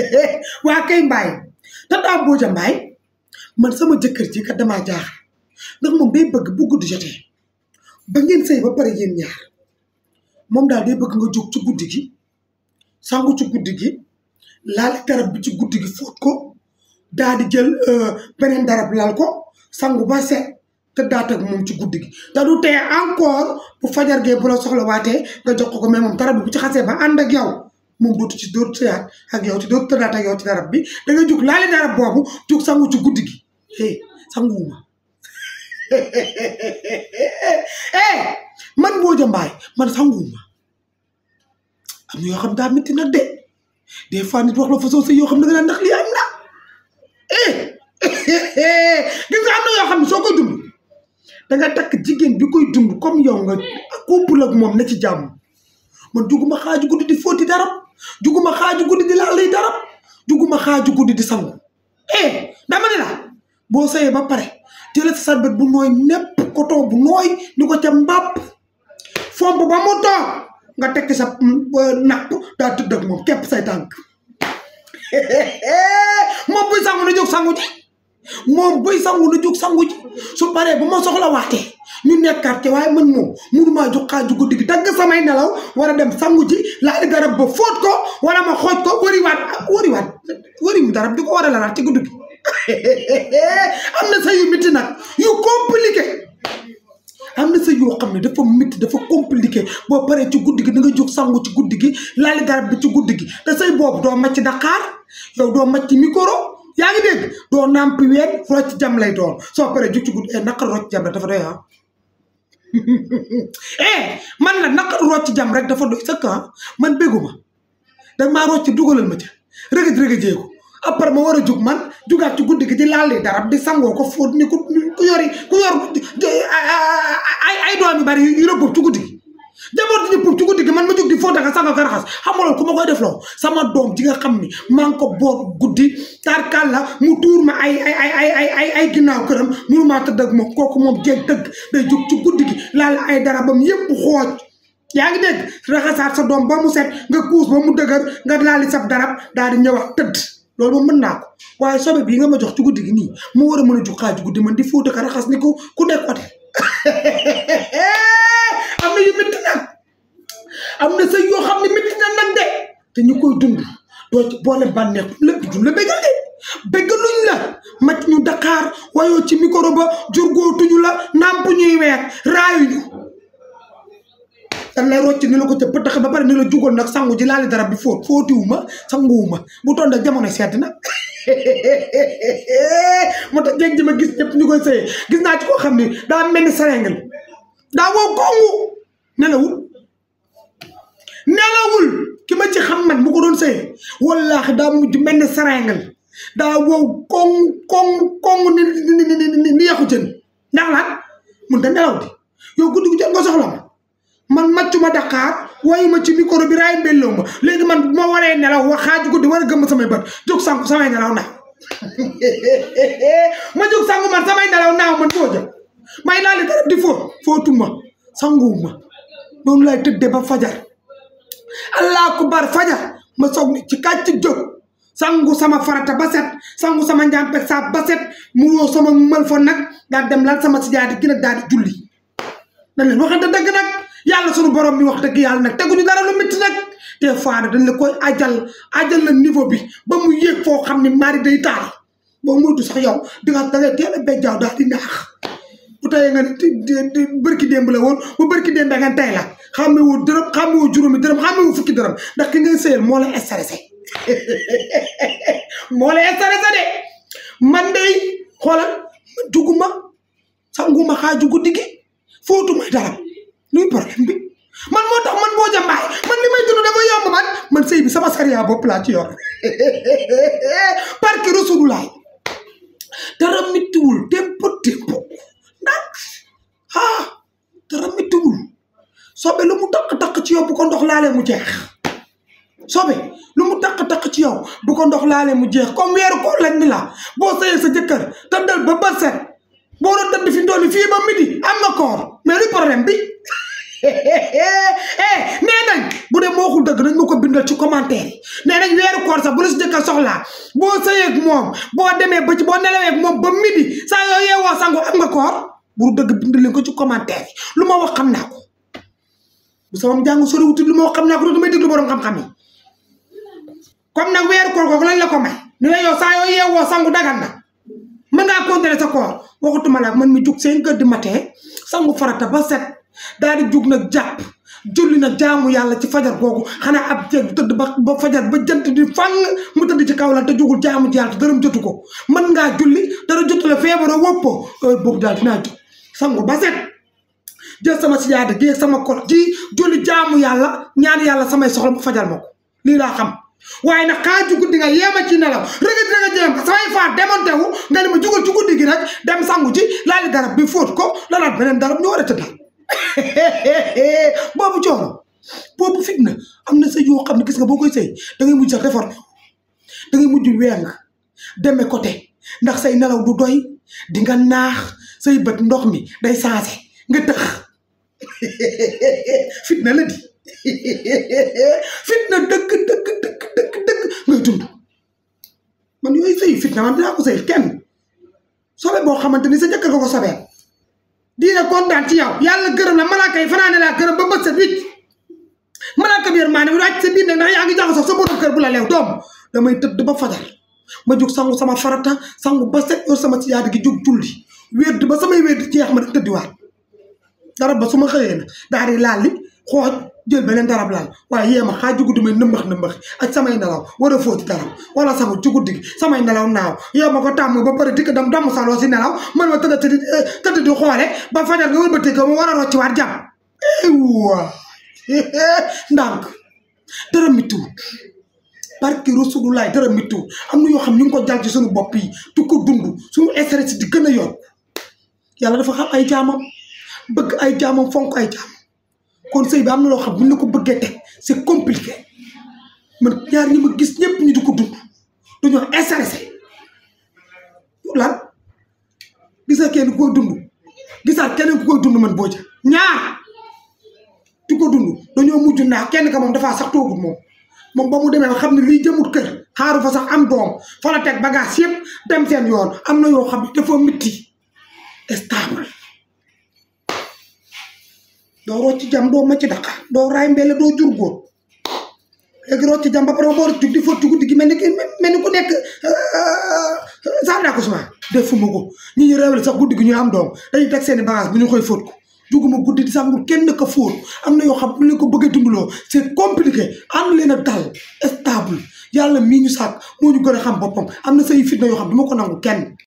waa kay mbaay Tata Mbodia mbaay man sama jëkkër ji kat damaa jaaxal ndax moom day bëgg bu guddi jotee ba ngeen sëy ba pare yéen ñaar moom daal day bëgg nga jóg ci guddi gi sangu ci guddi gi laal garab bi ci guddi gi fóot ko daal di jël euh, beneen darab laal ko sangu ba set te daata moom ci guddi gi te du tee encore bu fajar gee bu la soxla waatee nga jox ko ko mais moom dara bu ci xasee ba ànd ak yow moom dootu ci dootu ci yaat ak yow ci dootu tëddaat ak yow ci darab bi da nga jug laali darab boobu jug sangu ci guddi gi eh sanguwuma eh man Mbodia Mbaye man sanguwuma am na yoo xam daa métti nag de des fois soo sa yoo xam da nga naan ndax lii am na eh gis nga koy dund da nga jigéen bi koy dund comme yow nga couple ak moom na ci jàmm man duguma xaaju guddi di fóoti darab juguma xaaju guddi di laal lay darab juguma xaaju guddi di sangu eh dama ne boo sëyee ba pare jëlee sa sarbet bu nooy népp coton bu nooy ni ko ca mbàpp fomp ba mu nga tekki sa euh, napp daa tëdd moom képp say tànk moom sangu na jóg sangu ji moom buy sangu na jóg sangu ji su paree bu ma soxla waatee ñu nekkaat ci waaye man moom mënumaa jóg xaaju guddi gi dagg samay nelaw war a dem sangu ji laal garab ba fóot ko wala ma xooj ko wariwaat wariwaat wariwu darab di ko war a lalaat ci guddi gi am na sa yu métti nag yu compliqué am na sa yoo xam ne dafa métti dafa compliqué boo paree ci guddi gi da jóg sangu ci guddi gi laal garab ci guddi gi te say boobu doo macc Dakar yow doo macc micro yaa ngi dégg doo nampi weeg rocc jam lay doon soo paree jug ci guddi eh naqar jam rek dafa doy ah eh man la naqar rocc jam rek dafa doy sëkk ah man béggu ma da maa rocc dugalal ma ca rëgëj rëgëjee a après ma war a jug man jugaat ci guddi ji di laal darab di sangoo ko fóot ni ku ku yori ku yor ay ay doom yu bari yu rëbb ci guddi gi jaboot di pour tugu digg man ma jóg di foo daka sama ko raxas xam nga loolu ku ma koy def loo sama doom ji nga xam ni maa ngi ko boor guddi tarkal la mu tuur ma ay ay ay ay ay ginnaaw këram mënu maa tëdd ak kooku moom jeeg dëgg day jóg ci guddi gi laal ay darabam yëpp xooj yaa ngi dégg raxasaat sa doom ba mu set nga kuus ba mu dëgër nga laali sab darab daal di ñëwaat tëdd loolu moom mën naa ko waaye sobe bii nga ma jox ci guddi gi nii mu war a mën a jug xaaju guddi man di fóot ak raxas ni ko ku nekk ote am na sëy yoo xam ne métti na nag de te ñu koy dund doo ci boole bànneex lépp dund la bégal de la mat ñu Dakar wayoo ci micro ba jurgootuñu la nàmp ñuy weer raayuñu dan lay rocc ni la ko ca pëtax ba pare ni la jugoon nag sangu ji dara bi fóot fóotiwu ma sanguwu ma bu toon nag jamono sedd na moo tax jéeg ma gis ñëpp ñu koy sëyee gis naa ci koo xam ne daa mel ni daa woo nelawul nelawul ki ma ci xam man mu ko doon sëy wallaahi daa mujj mel ni sarangal daa wow koŋ koŋ koŋ ni ni ni yàqu jën ndax lan mun da nelaw di ma man màccuma ci micro bi raay léegi man bu waree nelaw wax xaaju guddi war a gëmm samay bët jóg sànku samay nelaw naaw ma jóg sànku man samay nelaw naaw foo jëm may laali garab di fóot ba fajar allah bar fajar ma soog ni ci kàcc jóg sangu sama farata ba set sangu sama njàmpe saa ba set mu muroo sama mal fa nag daal dem lan sama sijaadi gi nag daal di julli dañ leen waxante dëgg nag yàlla sunu borom bi wax dëgg yàlla nag teguñu dara lu métti nag des fois nag dañ la koy ajal ajal la niveau bi ba mu yéeg foo xam ne maari day taal boo moytu sax yow di nga da ngay teel a daal di naax bu tayee nga bërki démb la woon bu bërki démb nga tay la xamme woo dërëm xamme woo juróomi dërëm xamme woo fukki dërëm ndax ki nga sëyal moo la man day xoolal duguma sanguma xaaju guddi gi footuma sama sariya bopp laa ci yor parce que sobe lu mu takk-takk ci yow bu ko ndox laalee mu jeex sobe lu mu takk-takk ci yow bu ko ndox laalee mu jeex comme weeru koor lañ boo sëyee sa jëkkër tëddal ba ba set boo doon tëdd fi ndooli fii ba am nga koor mais lu problème bi bu dee moo dëgg nañ ma ko bindal ci commentaire yi nee nañ weeru sax bu la soxlaa boo sëyee moom boo demee ba ci boo nelawee moom ba midi saa yoo yeewoo sango am nga koor bu dëgg bind ko ci commentaire lu ma wax xam bu sama njàng soriwutul lu ma xam naa ko may di déglu borom xam-xam yi comme nag weeru koor googu lañ la ko may. ni la yow saa yoo yeewoo sangu dagan na mën ngaa contrôler sa koor ma nag man mi jug seen kër di matee sangu farata ba set daal di jug nag jàpp julli nag jaamu yàlla ci fajar googu xanaa ab jeeg tëdd ba fajar ba jant di fan mu tëdd ci kaw la te jugul jaamu yàlla te dërëm jotu ko mën ngaa julli dara jotu la feebaroo woppoo heure boobu daal dinaa jug sangu jël sama sijaada gi sama kot gi julli jaamu yàlla ñaani yàlla samay soxla mu fajal ma ko lii laa xam waaye nag xaaju guddi nga yéema ci nelaw rëgit rëga jéem samay faar démonté nga ni ma jugal ci guddi gi rek dem sangu ci laali garab bi fóot ko lalaat beneen darab ñu war a tëddal boobu coono boobu fitna am na sëy yoo xam ne gis nga boo koy sëy da ngay mujj sax defar da ngay mujj weng deme côté ndax say nelaw du doy dinga nga naax say bët ndox mi day saase nga tëx fitna la di fitna dëgg dëgg dëgg dëgg dëgg ngay dund man yooyu sëy fitna man dinaa ko sëy kenn sobe boo xamante ni sa jëkkër ko ko sobee diina kontaan ci yow yàlla gërëm la malaaka yi fanaane laa gërëm ba bët sa wicc malaaka bi yërmaane bi wàcc sa biir nag ndax yaa ngi jaxasoo sa borom kër bu la leew doom damay tëdd ba fajar ma jug sangu sama farata sangu ba set heures sama ci gi jug julli wédd ba samay wédd jeex ma da tëddiwaat darab ba su ma xëyee na daal di laal li xooj jël beneen darab laal waaye yéema xaa juguddi may nëmbax nëmbax ak samay nelaw war a fóoti darab wala sangu ci guddi samay nelaw naaw yow ma ko tàmm ba pare dikk dam damm saloo si nelaw man ma tëdd tëdd eh, tëdd di xoole ba fajar nga wëlbatee ko ma war a rocci waat jàmm eh, waa ndànk dara mi tuut barki Rasulullah dara mi am na yoo xam ñu ngi ko jal ci suñu bopp yi du ko dund suñu stress di gën dafa xam ay jaamam bëgg ay jaamam fonk ay jaamam kon sëy bi am na loo xam bu ñu ko bëggee teg c'est compliqué man ñaar ñi ma gis ñëpp ñu du ko dund dañoo intéressé lan gisa kenn ku koy dund gisaat keneen ku koy dund man boo ca ñaar di ko dund dañoo mujj naax kenn ka moom dafaa sax toogul moom moom ba mu demee xam ne lii jëmut kër xaaru fa sax am doom fa la teg bagage yëpp dem seen yoon am na yoo xam ne dafa mitti stable doo rocc jam doo ma ci daq doo raay mbele doo jur góor léegi rocc jam ba pare boor jug di fottu guddi gi mel ni mel ni ku nekk euh, sandako suma defuma ko ñi ñu réewle sax guddi gi ñu am doom dañuy teg seeni bagage bu ñu koy fóot ko juguma guddi di sàngul kenn ka fóot am na yoo xam bu leen ko bëggee dundaloo c'est compliqué ànd leen a dal stable yàlla mii ñu sàkk moo ñu gën a xam boppam am na say fitna yoo xam du ma ko nangu kenn